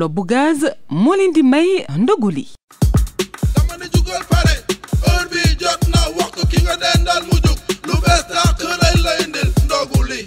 lo bu gaz moo leen di may ndogu dama ne jugal pare heure bi jot na waxtu ki nga dendal mu jug lu bees tàq lay lay indil ndogu li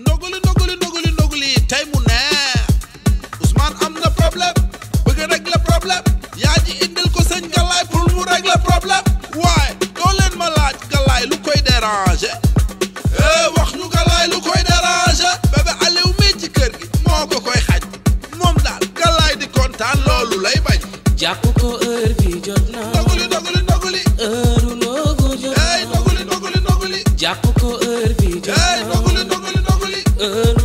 ndogu tey mu neex Ousmane am na problème bëgg régler problème yaa ji indil ko sëñ Galaay pour mu régler problème heure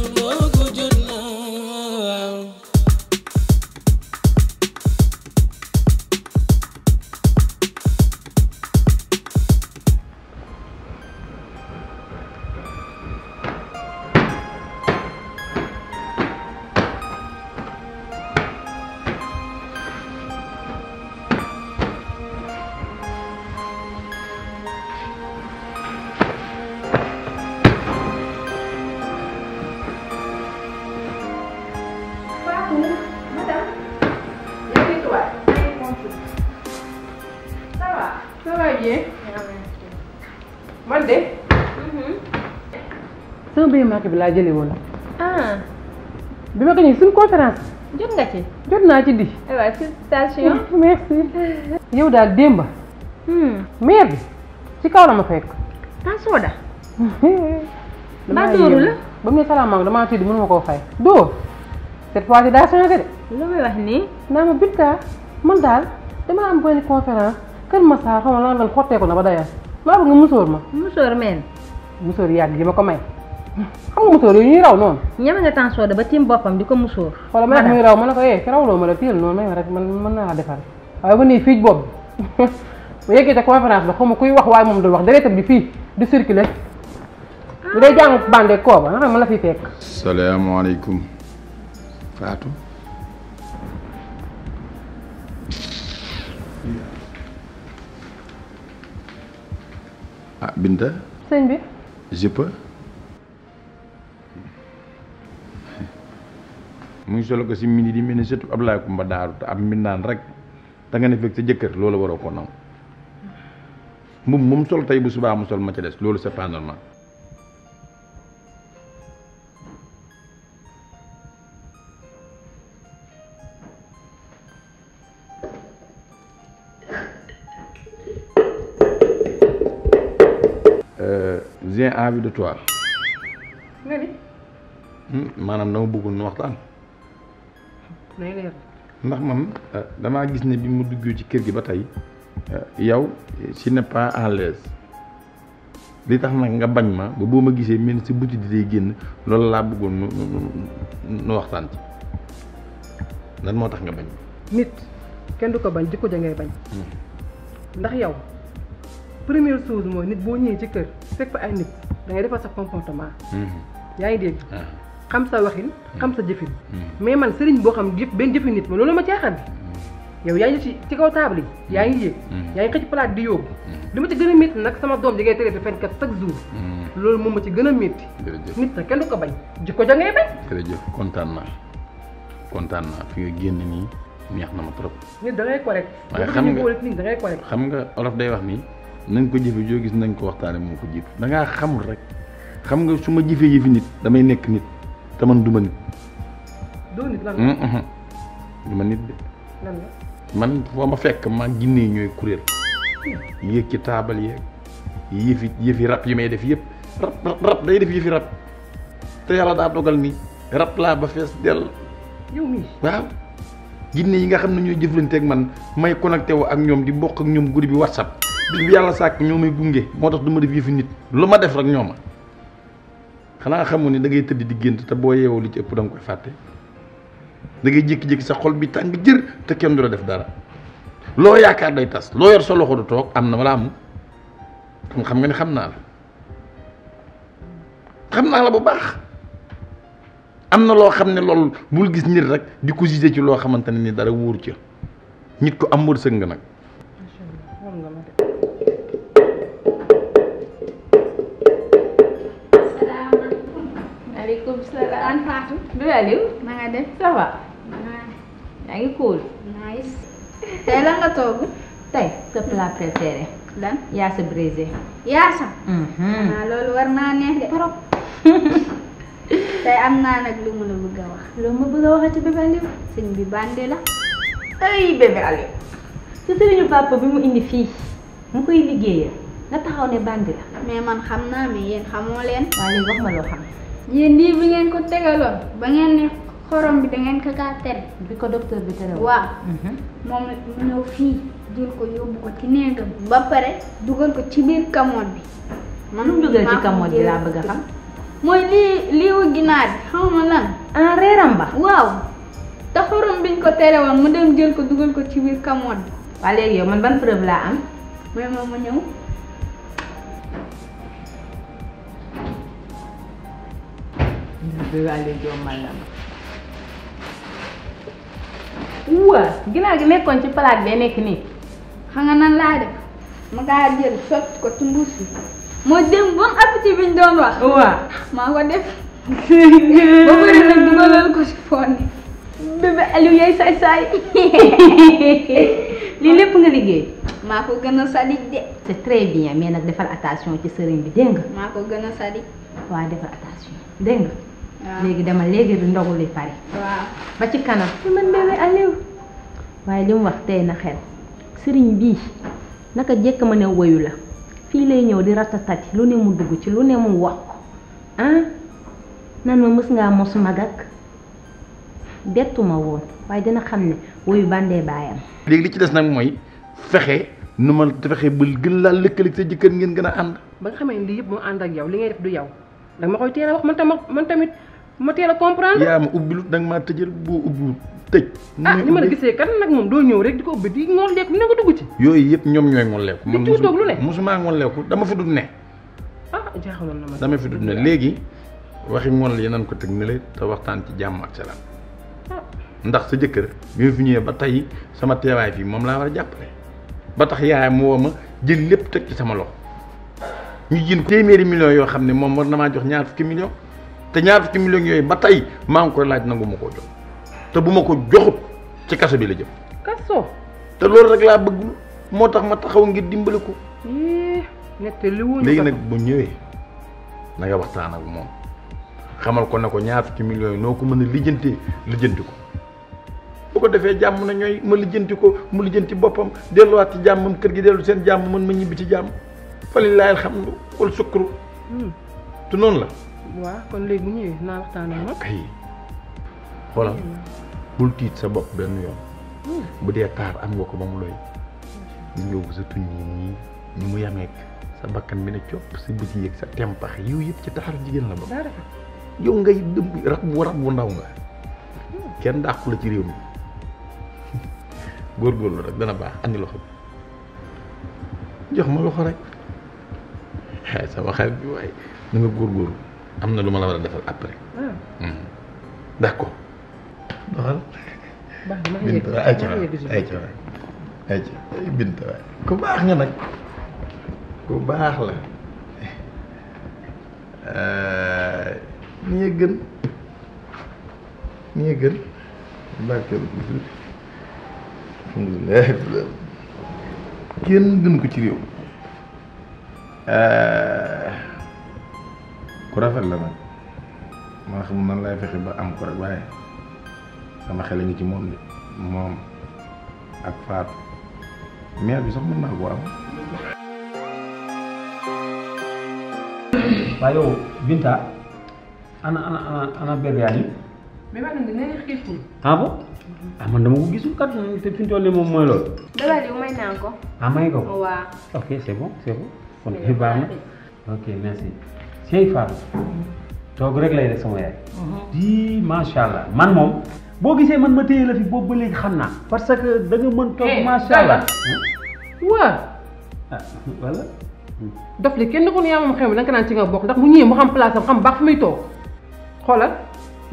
premier bi laa jëlee woon. Ah. bi ma ko ñëwee suñu conférence. jot nga ci. di. aywa daal démba. Hmm. maire bi ci kaw la ma fekk. ah Soda. mbaa dóoru la. ba mu ne salaamaaleykum damaa tudd mënuma koo fay. doo cette fois ci daa changé de. naa ma Binta man daal damaa am benn conférence Kër Massaar xaw ma lan lan xotteeku na ba dayal maa bëgg nga musóor ma. musóor meen. ji ma ko may. xam musóor yooyu ñuy raw noonu. ñeme nga temps ba tiim boppam di ko musóor. wala ma muy raw ma ne ko eh fi rawloo ma la tiil noonu may ma rek man mën naa defar waaye ba nii fii bopp bi bu yeggee ca conférence la kuy wax waaye moom du wax deretam di fii di circuler bu dee jàng bande kooba nga xam ma la fi fekk. salaamaaleykum Fatou. ah Binta. sëñ bi. je mu ngi solo ko si midi di mel ni surtout Ablaye Kumba Daaru te ab mbindaan rek da nga ne fekk sa jëkkër loolu waroo ko nangu mbubb moom sol tey bu subaa mu sol ma ci des loolu c'est pas normal j'ai euh, envie de toi. nga ni. Hmm, maanaam dama bëggoon waxtaan. ndax man euh, damaa gis ne bi mu duggee ci kër gi ba tey euh, yow si n'est pas à l'aise li tax nag nga bañ ma ba boo ma gisee mel si buti di day génn loolu laa bëggoon nu nu waxtaan ci lan moo tax nga bañ ma nit kenn du ko bañ jikko ja ngay bañ hmm. ndax yow première chose mooy nit boo ñëwee ci kër fekk fa ay nit da sa comportement hmm. yaa ngi dégg ah. xam sa waxin hmm. xam sa jëfin hmm. mais man sëriñ boo xam jëf benn jëfin nit ma loolu ma caaxaan hmm. yow yaa ngi ci ci kaw table yi yaa ngi yéeg yaa ngi xëcc palaat di yóbbu li ma ci gën a métti nag sama doom ji ngay traité fenkat chaque jour loolu moom ma ci gën a métti nit na kenn ko bañ jikko ja ngay bañ kontaan naa kontaan naa fi nga génn nii neex na ma trop nit da ngay correct waaye xam nga nit da ngay correct xam nga olof day wax ni nañ ko jëfe joo gis nañ ko waxtaane moo ko jiitu dangaa xamul rek xam nga su ma jëfee yëfi nit damay nekk nit te man du ma nit. doo mm, mm-hmm. man foo ma fekk maa ginne yi ñooy kuréel hmm. yéeg ci taabal yi yëfi yëfi rab yi may def yëpp rab rab day def yëfi rab te yàlla daa dogal ni rab laa ba fees dell. waaw. ginne yi nga xam ne ñooy jëflanteeg man may connecté wu ak ñoom di bokk ak ñoom guddi bi whatsapp. bis bi yàlla sàkk ñoo may gunge moo tax du ma def yëfi nit lu ma def rek ñoo ma. xanaa xamu ni da ngay tëdd di gént te boo yeewoo li ci ëpp da koy fàtte da ngay jékki-jékki sa xol bi tàng jër te kenn du la def dara loo yaakaar day tas loo yor sa loxo toog am na wala amul xam nga ni xam naa la xam naa la bu baax am na loo xam ne loolu bul gis nit rek di ko gisé ci loo xamante ne ni dara wóor ca nit ko am sëg nga nag. maaleykum salaam an Fatou. bi Aliou na nga def ça va. yaa ngi cool. nice. tey la nga toog. tey sa plat préféré. lan eh. yaasa brisé. yaasa. Mhm. ah loolu war naa neex de trop. tey am naa nag lu mu la bëgg a wax. lu mu bëgg a waxati bébé Aliou. sëñ bi bandi la. ay bébé Aliou. sa sëriñu papa bi mu indi fii mu koy liggéeyal nga taxaw ne bandi la. mais man xam naa mais yéen xamoo leen. waaye wax ma loo xam. yéen lii bi ngeen ko tegaloon ba ngeen ne xorom bi da ngeen ko kaa bi ko docteur bi tere waaw. Mhm. moom mu ñëw fii jël ko yóbbu ko ci néegam. ba pare dugal ko ci biir kamoon bi. man mu dugal ci kamoon bi laa bëgg a mooy lii liiwu ginaar bi ma lan. en ah, reeram ba. te xorom biñ ko tere woon mu dem jël ko dugal ko ci biir kamoon bi. waa léegi yow man ban preuve laa am. mooy moom mu ñëw. waa ginaar gi nekkoon ci palaat bee nekk nii xam nga nan laa def ma gaa jël sotti ko ci mbuus yi moo dem bon appétit bi ñu doon wax waa maa ko def ba pare nag dugaloon ko si foon yi bébé Aliou yaay saay saay lii lépp nga liggéey maa ko gën a sadik de c'est très bien mais nag defal attention ci sëriñ bi dégg nga maa ko gën a sadik waa defal attention dégg léegi dama léegi ndogu li pare. ba ci kanam. man bébé waaye li mu wax tey na xel sëriñ bii naka jekk ma ne woyu la fii lay ñëw di ratatati lu ne mu dugg ci lu ne mu wax ko ah nan ma mës ngaa mos magak dettuma woon waaye dina xam ne woyu bàndee baayam. léegi li ci des nag mooy fexe nu ma fexe ba gën laa lëkkalik sa jëkkër ngeen gën a ànd. ba nga xamee ne lii yëpp moo ànd ak yow li ngay def du yow danga koy teel wax man tamit. ma teel a comprendre. yaa ma ubbilut da nga maa tëjal boo ubbiwul tëj. ah ni ma la gisee kan nag moom doo ñëw rek di ko ubbi di ngooleeku ne nga dugg ci. yooyu yëpp ñoom ñooy ngooleeku. man mosu toog lu ne dama fi dund ne. ah jaaxaloon na ma. léegi waxi ngoon yi nan ko teg ne la te waxtaan ci jàmm ak salaam ah. ndax sa jëkkër bi fi ñëwee ba tey sama teewaay fii moom laa war a jàppale ba tax yaay mu woo ma jël lépp teg ci sama loxo ñu jin ko téeméeri millions yoo xam ne moom war na maa jox ñaar fukki millions te ñaar fukki millions yooyu ba tey maa ngi koy laaj nangu ma koo jox te bu ma ko joxut ci kaso bi la jëf kaso. te loolu rek laa bëgg moo tax ma taxaw ngir dimbali ko. léegi nag bu ñëwee na nga waxtaan moom xamal ko ne ko ñaar fukki millions yi noo ko mën a lijjanti lijjanti ko bu ko defee jàmm na ñooy ma lijjanti ko mu lijjanti boppam delluwaat ci jàmmam kër gi dellu seen jàmm mën ma ñibbi ci jàmm fa lillahi alhamdu wal sukru hmm. te noonu la. waaw kon léegi naa waxtaan ak kay xoolal hmm. bul tiit sa bopp benn yoon. Hmm. bu dee taar am nga ko ba mu looy. di ñëw ba sa tuñ nii ni mu yameek sa bakkan bi ne copp sa bët yi ak sa tempax yiw yëpp ci taar jigéen la ba yow ngay dëmb rab bu rab bu ndaw nga hmm. kenn dàqu ci réew mi góorgóorlu rek dana baax andi loxo bi jox ma loxo rek waaye sama xarit bi waaye na nga góorgóorlu am na lu ma la war a defal après. d' accord. waaw. Binta waay ayca waay ayca waay ayca ku baax nga nag ku baax la eh, nii gën nii gën barkeel alhamdulilah kenn ko ci réew. ku rafet la nag maa xamul nan lay fexe ba am ko rek waaye sama xel ci moom de moom ak Fatou mère bi sax mën naa ko am. waaye yow Binta ana ana ana ana bébé ah bon ah man dama ko gisul kat te fi mu moom mooy loolu. bébé Ali may naa ko. ah may ko. waaw ok c'est bon c'est kon fi baax merci. cey Fatou toog rek lay def sama yaay. di macha allah man moom boo gisee man ma téye la fi boobu ba léegi xam naa. parce que da nga mën toog eh, macha allah. waa. Ah, daf li kenn ko ne yaa moom xew na nga naan ci nga bokk ndax bu ñëwee mu xam place am xam baax fi may toog xoolal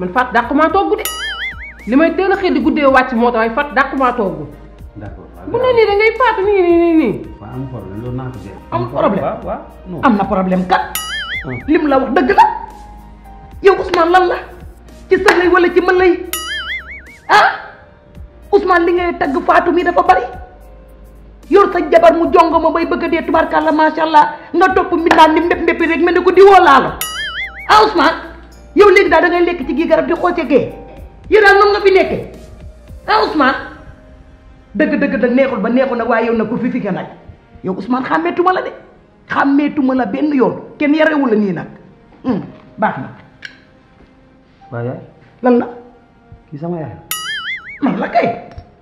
man Fatou dàq maa de li may teel a xëy di guddee wàcc moo tax waaye Fatou dàq bu ne nii da ngay nii nii nii. am problème loolu problème am na problème kat. lim la wax dëgg la yow Ousmane lan la ci sëlay wala ci mën lay ah Ousmane li ngay tagg Fatou mi dafa bari yor sa jabar mu jongo ma bay bëgg a dee tubarkalla macha allah nga topp mbindaan ni mbépp mbéppi rek mel ni ko di woo laalo ah Ousmane yow léegi daal da lekk ci gii garab di xooce gee yow daal noonu nga fi nekkee ah Ousmane dëgg-dëgg nag neexul ba neexul na waaye yow na ku fi fi nga nag yow Ousmane xàmmeetuma la de xàmmeetuma la benn yoon. kenn yarewul la nii nag hmm, baax na. waaw yaay lan la. kii sama yaay la. man la kay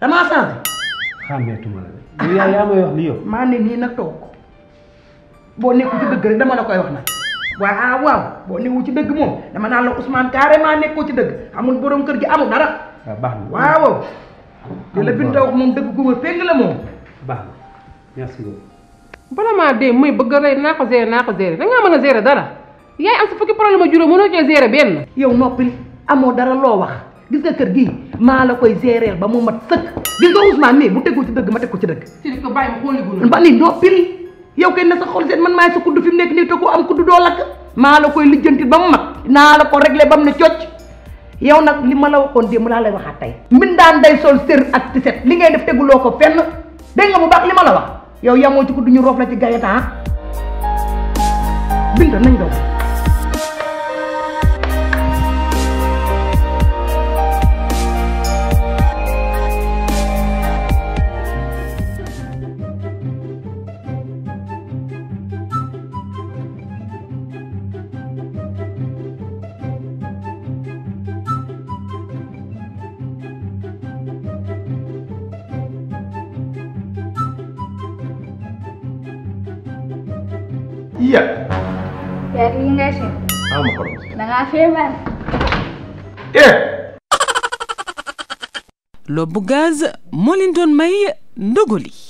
la de. yow yaay yaa may wax li yow. maa ne nii nag toog boo nekkul ci dëgg rek dama la koy wax nag. waaw boo newu ci dëgg moom dama naan la Ousmane carrément nekkoo ci dëgg amul borom kër gi amul dara. waaw ah, baax na waaw. te la Binta wax dëgg gu wër péng la moom. baax na bala maa dee muy bëgg a rey naa ko gérer naa ko gérer dangaa mën a gérer dara yaay am sa fukki problème a juróom mënoo cee gérer benn. yow noppil amoo dara loo wax gis kër gii maa la koy gérer ba mu mat sëkk gis nga Ousmane bu teggul ci dëgg ma teg ko ci dëgg. ci li ko bàyyi ma xooli gu ba ni noppil yow kenn na sa xol seen fi mu nekk nii te ko am kudd doo lakk maa la koy lijjanti ba mu mat naa la ko réglé ba mu ne cocc yow nag li ma la waxoon démb laa lay waxaat tey. mbindaan day sol sër ak tiset li ngay def teguloo ko fenn dégg nga bu baax li ma la wax yow yamoo ci ko duñu roof la ci gayeta ah binta nañ daw Iya. Yari ngashin. Amma karo. Na gafe ba. Eh. lo bugaaz moo leen doon may ndogoli